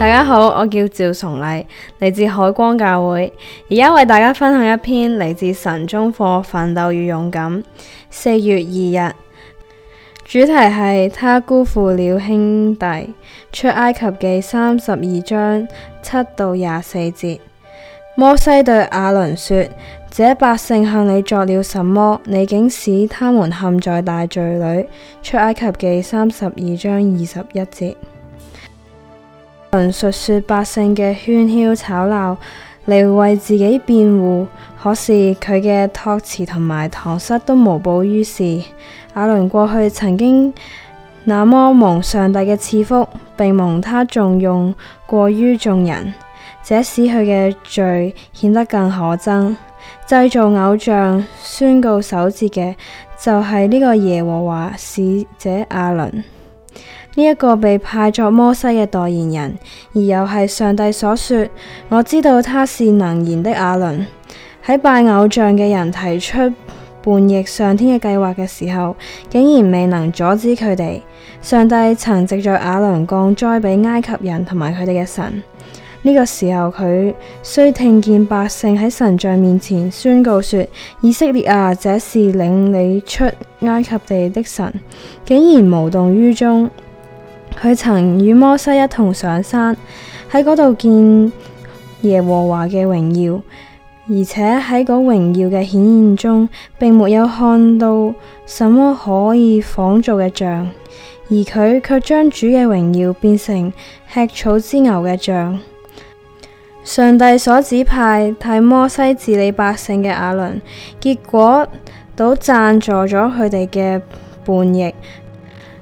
大家好，我叫趙崇禮，嚟自海光教會，而家為大家分享一篇嚟自神中課《奮鬥與勇敢》，四月二日，主題係他辜負了兄弟，《出埃及記》三十二章七到廿四節。摩西對亞倫說：這百姓向你作了什麼？你竟使他們陷在大罪裏。出埃及記三十二章二十一節。亞倫述說百姓嘅喧囂吵鬧嚟為自己辯護，可是佢嘅託辭同埋搪塞都無補於事。亞倫過去曾經那麼蒙上帝嘅賜福，並蒙他重用，過於眾人。這使佢嘅罪顯得更可憎。製造偶像、宣告守節嘅就係、是、呢個耶和華使者阿倫。呢、這、一個被派作摩西嘅代言人，而又係上帝所說：我知道他是能言的阿倫。喺拜偶像嘅人提出叛逆上天嘅計劃嘅時候，竟然未能阻止佢哋。上帝曾藉著阿倫降災俾埃及人同埋佢哋嘅神。呢個時候，佢雖聽見百姓喺神像面前宣告說：以色列啊，這是領你出埃及地的神，竟然無動於衷。佢曾與摩西一同上山，喺嗰度見耶和華嘅榮耀，而且喺嗰榮耀嘅顯現中，並沒有看到什麼可以仿造嘅像，而佢卻將主嘅榮耀變成吃草之牛嘅像。上帝所指派替摩西治理百姓嘅亞倫，結果倒贊助咗佢哋嘅叛逆，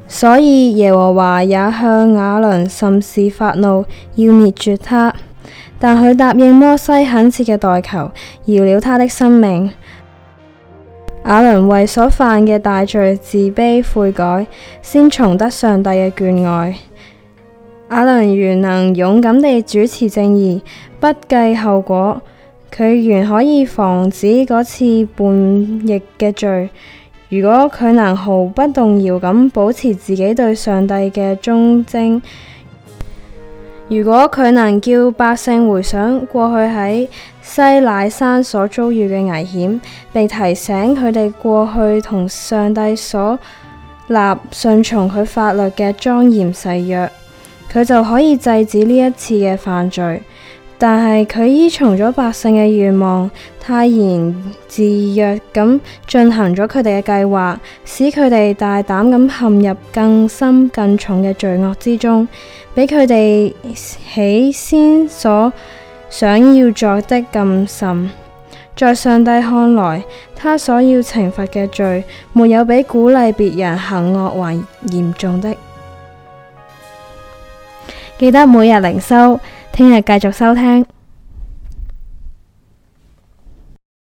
所以耶和華也向亞倫甚是發怒，要滅絕他。但佢答應摩西懇切嘅代求，饒了他的生命。亞倫為所犯嘅大罪自卑悔改，先重得上帝嘅眷愛。亞倫原能勇敢地主持正義，不計後果。佢原可以防止嗰次叛逆嘅罪。如果佢能毫不動搖咁保持自己對上帝嘅忠貞；如果佢能叫百姓回想過去喺西乃山所遭遇嘅危險，並提醒佢哋過去同上帝所立、順從佢法律嘅莊嚴誓約。佢就可以制止呢一次嘅犯罪，但係佢依從咗百姓嘅願望，泰然自若咁進行咗佢哋嘅計劃，使佢哋大膽咁陷入更深更重嘅罪惡之中，比佢哋起先所想要作的更甚。在上帝看來，他所要懲罰嘅罪，沒有比鼓勵別人行惡還嚴重的。記得每日靈修，聽日繼續收聽。